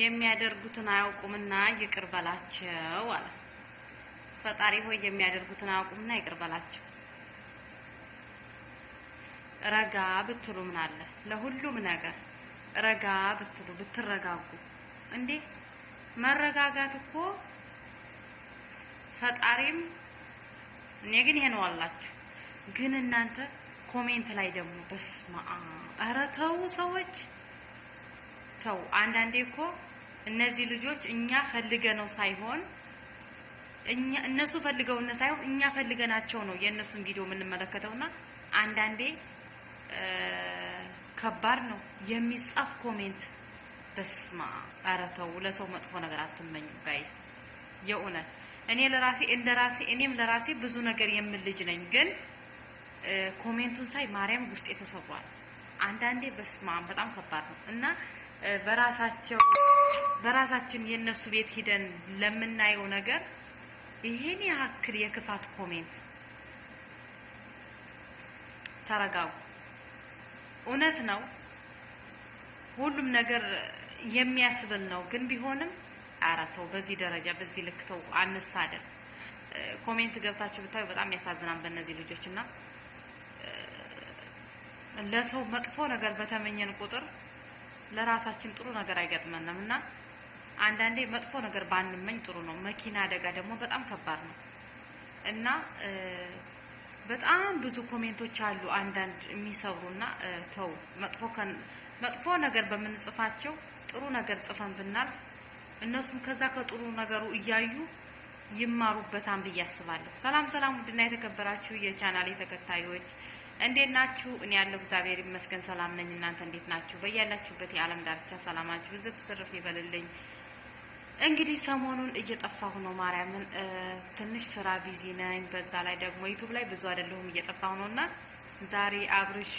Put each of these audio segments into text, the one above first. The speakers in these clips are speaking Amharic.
የሚያደርጉትን አያውቁምና ይቅር በላቸው አለ። ፈጣሪ ሆይ የሚያደርጉትን አያውቁምና ይቅር በላቸው። ረጋ ብትሉ ምን አለ? ለሁሉም ነገር ረጋ ብትሉ ብትረጋጉ። እንዴ መረጋጋት እኮ ፈጣሪም እኔ ግን ይሄ ነው አላችሁ። ግን እናንተ ኮሜንት ላይ ደግሞ በስማ ኧረ ተው ሰዎች ተው። አንዳንዴ እኮ እነዚህ ልጆች እኛ ፈልገ ነው ሳይሆን እኛ እነሱ ፈልገው ነው ሳይሆን እኛ ፈልገናቸው ነው የእነሱን ቪዲዮ የምንመለከተውና አንዳንዴ ከባድ ነው የሚጻፍ ኮሜንት። በስማ አረተው ለሰው መጥፎ ነገር አትመኙ ጋይስ። የእውነት እኔ ለራሴ እንደ ራሴ እኔም ለራሴ ብዙ ነገር የምል ልጅ ነኝ፣ ግን ኮሜንቱን ሳይ ማርያም ውስጤ ተሰብሯል። አንዳንዴ በስማ በጣም ከባድ ነው እና በራሳቸው በራሳችን የእነሱ ቤት ሂደን ለምናየው ነገር ይሄን ያክል የክፋት ኮሜንት ተረጋጉ። እውነት ነው ሁሉም ነገር የሚያስብል ነው። ግን ቢሆንም ኧረ ተው፣ በዚህ ደረጃ በዚህ ልክ ተው፣ አንሳደብ። ኮሜንት ገብታችሁ ብታዩ በጣም ያሳዝናል በእነዚህ ልጆች እና ለሰው መጥፎ ነገር በተመኘን ቁጥር ለራሳችን ጥሩ ነገር አይገጥመንም እና አንዳንዴ መጥፎ ነገር ባንመኝ ጥሩ ነው። መኪና አደጋ ደግሞ በጣም ከባድ ነው እና በጣም ብዙ ኮሜንቶች አሉ አንዳንድ የሚሰብሩና ተው መጥፎ መጥፎ ነገር በምንጽፋቸው ጥሩ ነገር ጽፈን ብናል እነሱም ከዛ ከጥሩ ነገሩ እያዩ ይማሩበታል ብዬ አስባለሁ። ሰላም ሰላም፣ ውድና የተከበራችሁ የቻናሌ ተከታዮች እንዴት ናችሁ? እኔ ያለው እግዚአብሔር ይመስገን ሰላም ነኝ። እናንተ እንዴት ናችሁ? በያላችሁበት የዓለም ዳርቻ ሰላማችሁ ብዙ ትትርፍ ይበልልኝ። እንግዲህ ሰሞኑን እየጠፋሁ ነው፣ ማርያምን ትንሽ ስራ ቢዚ ነኝ። በዛ ላይ ደግሞ ዩቱብ ላይ ብዙ አይደለሁም፣ እየጠፋሁ ነው እና ዛሬ አብርሽ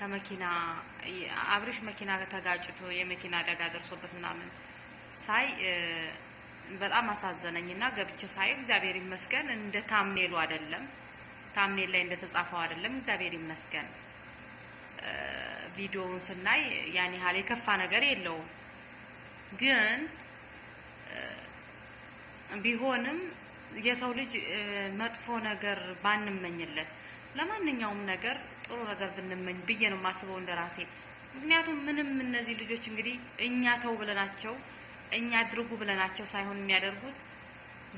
ከመኪና አብርሽ መኪና ተጋጭቶ የመኪና አደጋ ደርሶበት ምናምን ሳይ በጣም አሳዘነኝ እና ገብቼ ሳይ እግዚአብሔር ይመስገን እንደ ታምኔሉ አይደለም ታምኔል ላይ እንደተጻፈው አይደለም። እግዚአብሔር ይመስገን ቪዲዮውን ስናይ ያን ያህል የከፋ ነገር የለውም። ግን ቢሆንም የሰው ልጅ መጥፎ ነገር ባንመኝለት ለማንኛውም ነገር ጥሩ ነገር ብንመኝ ብዬ ነው የማስበው እንደ ራሴ። ምክንያቱም ምንም እነዚህ ልጆች እንግዲህ እኛ ተው ብለናቸው እኛ አድርጉ ብለናቸው ሳይሆን የሚያደርጉት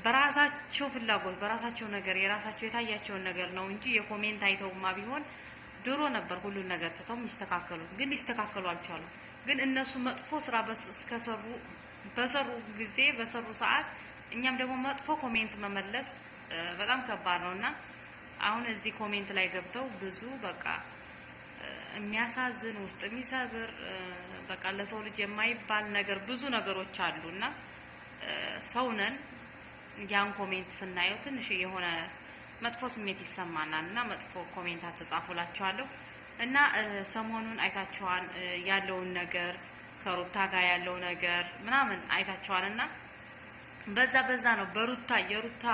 በራሳቸው ፍላጎት በራሳቸው ነገር የራሳቸው የታያቸውን ነገር ነው እንጂ የኮሜንት አይተውማ ቢሆን ድሮ ነበር ሁሉን ነገር ትተው የሚስተካከሉት። ግን ሊስተካከሉ አልቻሉም። ግን እነሱ መጥፎ ስራ እስከሰሩ በሰሩ ጊዜ በሰሩ ሰዓት እኛም ደግሞ መጥፎ ኮሜንት መመለስ በጣም ከባድ ነው እና አሁን እዚህ ኮሜንት ላይ ገብተው ብዙ በቃ የሚያሳዝን ውስጥ የሚሰብር በቃ ለሰው ልጅ የማይባል ነገር ብዙ ነገሮች አሉ እና ሰው ነን ያን ኮሜንት ስናየው ትንሽ የሆነ መጥፎ ስሜት ይሰማናል እና መጥፎ ኮሜንት አተጻፉላቸዋለሁ እና ሰሞኑን አይታችኋን ያለውን ነገር ከሩታ ጋር ያለው ነገር ምናምን አይታችኋል እና በዛ በዛ ነው በሩታ የሩታ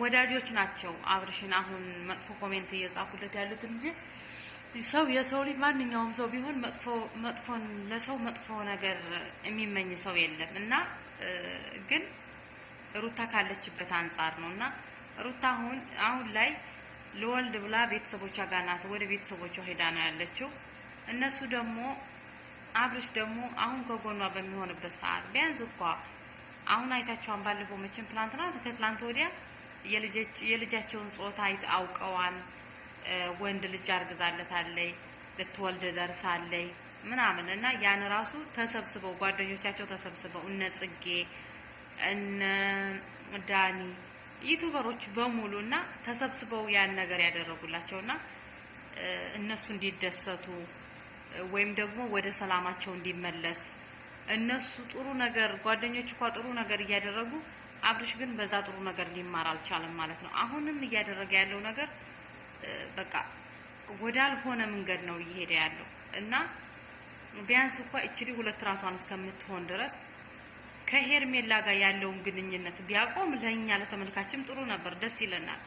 ወዳጆች ናቸው አብርሽን አሁን መጥፎ ኮሜንት እየጻፉለት ያሉት እንጂ ሰው የሰው ልጅ ማንኛውም ሰው ቢሆን መጥፎ መጥፎን ለሰው መጥፎ ነገር የሚመኝ ሰው የለም እና ግን ሩታ ካለችበት አንጻር ነው እና ሩታ አሁን አሁን ላይ ልወልድ ብላ ቤተሰቦቿ ጋር ናት። ወደ ቤተሰቦቿ ሄዳ ነው ያለችው። እነሱ ደግሞ አብርሽ ደግሞ አሁን ከጎኗ በሚሆንበት ሰዓት ቢያንስ እንኳ አሁን አይታቸዋን ባለፈው መቼም ትላንትና ከትላንት ወዲያ የልጃቸውን ጾታ አውቀዋን ወንድ ልጅ አርግዛለታለይ ልትወልድ ደርሳለይ ምናምን እና ያን ራሱ ተሰብስበው ጓደኞቻቸው ተሰብስበው እነ ጽጌ እነ ዳኒ ዩቱበሮች በሙሉ እና ተሰብስበው ያን ነገር ያደረጉላቸው እና እነሱ እንዲደሰቱ ወይም ደግሞ ወደ ሰላማቸው እንዲመለስ እነሱ ጥሩ ነገር ጓደኞች እንኳ ጥሩ ነገር እያደረጉ አብርሽ ግን በዛ ጥሩ ነገር ሊማር አልቻለም ማለት ነው። አሁንም እያደረገ ያለው ነገር በቃ ወዳልሆነ መንገድ ነው እየሄደ ያለው እና ቢያንስ እንኳ እችሊ ሁለት ራሷን እስከምትሆን ድረስ ከሄርሜላ ጋር ያለውን ግንኙነት ቢያቆም ለእኛ ለተመልካችም ጥሩ ነበር፣ ደስ ይለናል።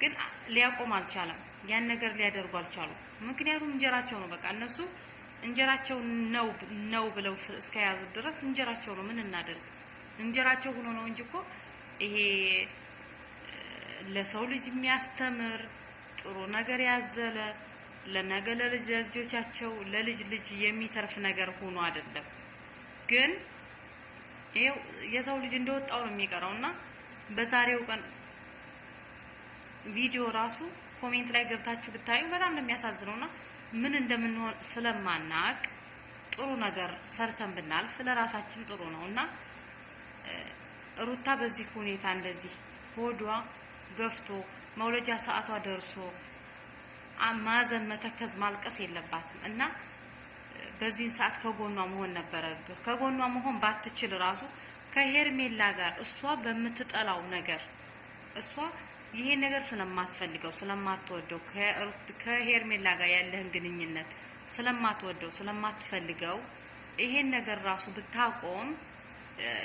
ግን ሊያቆም አልቻለም። ያን ነገር ሊያደርጉ አልቻሉ። ምክንያቱም እንጀራቸው ነው። በቃ እነሱ እንጀራቸው ነው ነው ብለው እስከያዙ ድረስ እንጀራቸው ነው። ምን እናደርግ? እንጀራቸው ሆኖ ነው እንጂ እኮ ይሄ ለሰው ልጅ የሚያስተምር ጥሩ ነገር ያዘለ ለነገ ለልጆቻቸው ለልጅ ልጅ የሚተርፍ ነገር ሆኖ አይደለም ግን ይሄው የሰው ልጅ እንደወጣው ነው የሚቀረው እና በዛሬው ቀን ቪዲዮ ራሱ ኮሜንት ላይ ገብታችሁ ብታዩ በጣም ነው የሚያሳዝነው እና ምን እንደምንሆን ስለማናቅ ጥሩ ነገር ሰርተን ብናልፍ ለራሳችን ጥሩ ነው እና ሩታ በዚህ ሁኔታ እንደዚህ ሆዷ ገፍቶ መውለጃ ሰዓቷ ደርሶ ማዘን፣ መተከዝ፣ ማልቀስ የለባትም እና በዚህን ሰዓት ከጎኗ መሆን ነበረብህ። ከጎኗ መሆን ባትችል ራሱ ከሄርሜላ ጋር እሷ በምትጠላው ነገር እሷ ይሄ ነገር ስለማትፈልገው ስለማትወደው ከሄርሜላ ጋር ያለህን ግንኙነት ስለማትወደው ስለማትፈልገው ይሄን ነገር ራሱ ብታቆም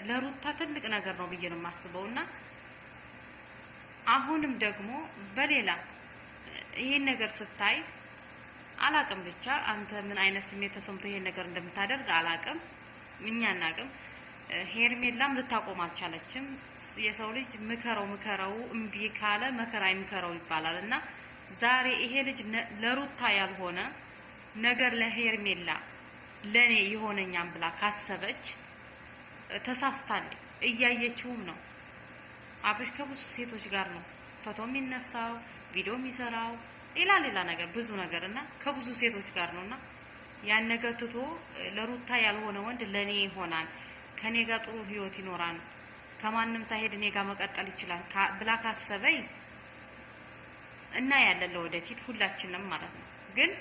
ለሩታ ትልቅ ነገር ነው ብዬ ነው የማስበው። እና አሁንም ደግሞ በሌላ ይሄን ነገር ስታይ አላቅም። ብቻ አንተ ምን አይነት ስሜት ተሰምቶ ይሄን ነገር እንደምታደርግ አላቅም፣ እኛ አናቅም። ሄርሜላም ልታቆም አልቻለችም። የሰው ልጅ ምከረው ምከረው እምቢ ካለ መከራ ይምከረው ይባላል እና ዛሬ ይሄ ልጅ ለሩታ ያልሆነ ነገር ለሄርሜላ ለኔ የሆነኛም ብላ ካሰበች ተሳስታለች። እያየችውም ነው። አብሽ ከብዙ ሴቶች ጋር ነው ፎቶ የሚነሳው ቪዲዮ የሚሰራው ሌላ ሌላ ነገር ብዙ ነገር እና ከብዙ ሴቶች ጋር ነውና ያን ነገር ትቶ ለሩታ ያልሆነ ወንድ ለኔ ይሆናል፣ ከኔ ጋር ጥሩ ህይወት ይኖራል፣ ከማንም ሳይሄድ እኔ ጋር መቀጠል ይችላል ብላ ካሰበይ እና ያለን ለወደፊት ሁላችንም ማለት ነው። ግን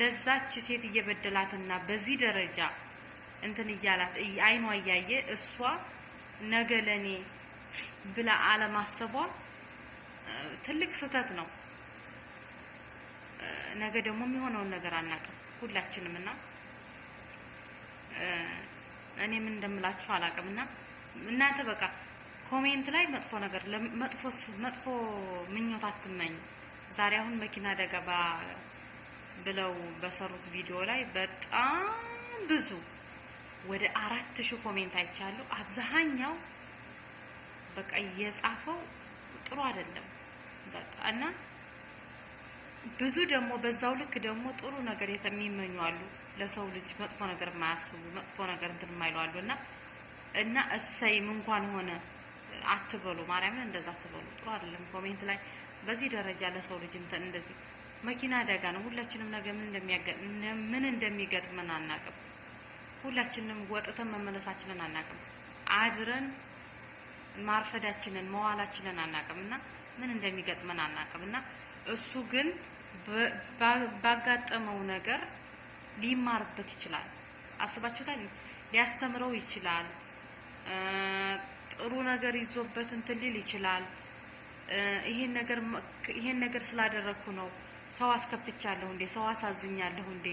ለዛች ሴት እየበደላትና በዚህ ደረጃ እንትን እያላት አይኗ እያየ እሷ ነገ ለኔ ብላ አለማሰቧ ትልቅ ስህተት ነው። ነገ ደግሞ የሚሆነውን ነገር አናውቅም ሁላችንም እና እኔ ምን እንደምላችሁ አላውቅም እና እናንተ በቃ ኮሜንት ላይ መጥፎ ነገር መጥፎ መጥፎ ምኞት አትመኝ። ዛሬ አሁን መኪና ደገባ ብለው በሰሩት ቪዲዮ ላይ በጣም ብዙ ወደ አራት ሺህ ኮሜንት አይቻለሁ። አብዛኛው በቃ እየጻፈው ጥሩ አይደለም በቃ እና ብዙ ደግሞ በዛው ልክ ደግሞ ጥሩ ነገር የሚመኙ አሉ። ለሰው ልጅ መጥፎ ነገር የማያስቡ መጥፎ ነገር እንትን የማይሉ አሉ እና እና እሰይም እንኳን ሆነ አትበሉ፣ ማርያምን እንደዛ አትበሉ። ጥሩ አይደለም። ኮሜንት ላይ በዚህ ደረጃ ለሰው ልጅ እንትን እንደዚህ መኪና አደጋ ነው። ሁላችንም ነገ ምን እንደሚገጥመን አናቅም። ሁላችንም ወጥተን መመለሳችንን አናቅም። አድረን ማርፈዳችንን መዋላችንን አናቅም እና ምን እንደሚገጥመን አናቅም እና እሱ ግን ባጋጠመው ነገር ሊማርበት ይችላል። አስባችሁታል? ሊያስተምረው ይችላል። ጥሩ ነገር ይዞበት እንትን ሊል ይችላል። ይሄን ነገር ይሄን ነገር ስላደረግኩ ነው ሰው አስከፍቻለሁ እንዴ፣ ሰው አሳዝኛለሁ እንዴ፣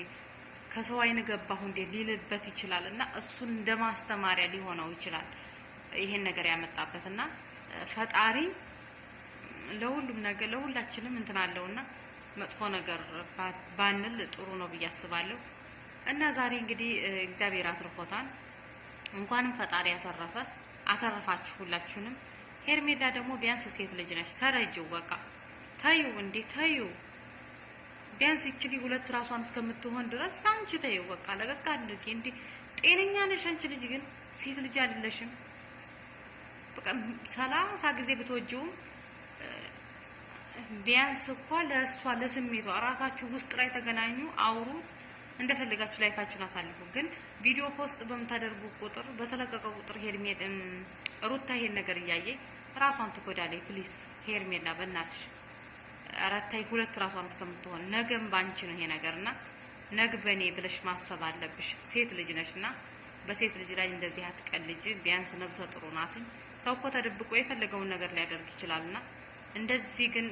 ከሰው አይን ገባሁ እንዴ ሊልበት ይችላል። እና እሱን እንደ ማስተማሪያ ሊሆነው ይችላል ይሄን ነገር ያመጣበት እና ፈጣሪ ለሁሉም ነገር ለሁላችንም እንትን አለውና መጥፎ ነገር ባንል ጥሩ ነው ብዬ አስባለሁ። እና ዛሬ እንግዲህ እግዚአብሔር አትርፎታል። እንኳንም ፈጣሪ ያተረፈ አተረፋችሁ ሁላችሁንም። ሄርሜላ ደግሞ ቢያንስ ሴት ልጅ ነች፣ ተረጅው በቃ ታዩ እንዴ ታዩ። ቢያንስ ይችል ሁለት ራሷን እስከምትሆን ድረስ አንቺ ታዩ በቃ ለቀቅ አድርጌ እንዴ። ጤነኛ ነሽ አንቺ ልጅ፣ ግን ሴት ልጅ አይደለሽም። በቃ ሰላሳ ጊዜ ብትወጂውም ቢያንስ እኮ ለእሷ ለስሜቷ እራሳችሁ ውስጥ ላይ ተገናኙ፣ አውሩ፣ እንደፈለጋችሁ ላይፋችሁን አሳልፉ። ግን ቪዲዮ ፖስት በምታደርጉ ቁጥር በተለቀቀ ቁጥር ሄርሜላ ሩታ ይሄን ነገር እያየ ራሷን ትጎዳለች። ፕሊዝ ሄርሜላ በእናትሽ አራታይ ሁለት ራሷን እስከምትሆን ነገም ባንቺ ነው ይሄ ነገርና ነግ በኔ ብለሽ ማሰብ አለብሽ። ሴት ልጅ ነሽና በሴት ልጅ ላይ እንደዚህ አትቀልጅ። ቢያንስ ነብሰ ጥሩ ናትኝ። ሰው እኮ ተደብቆ የፈለገውን ነገር ሊያደርግ ይችላልና እንደዚህ ግን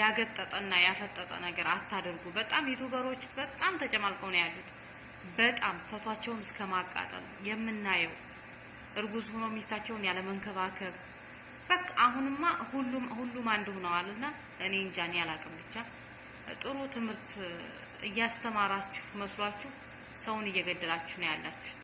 ያገጠጠና ያፈጠጠ ነገር አታደርጉ። በጣም ዩቱበሮች በጣም ተጨማልቀው ነው ያሉት። በጣም ፈቷቸውን እስከ ማቃጠል የምናየው እርጉዝ ሆኖ ሚስታቸውን ያለ መንከባከብ በቃ አሁንማ ሁሉም ሁሉም አንድ ሆነዋልና እኔ እንጃ እኔ አላቅም። ብቻ ጥሩ ትምህርት እያስተማራችሁ መስሏችሁ ሰውን እየገደላችሁ ነው ያላችሁ።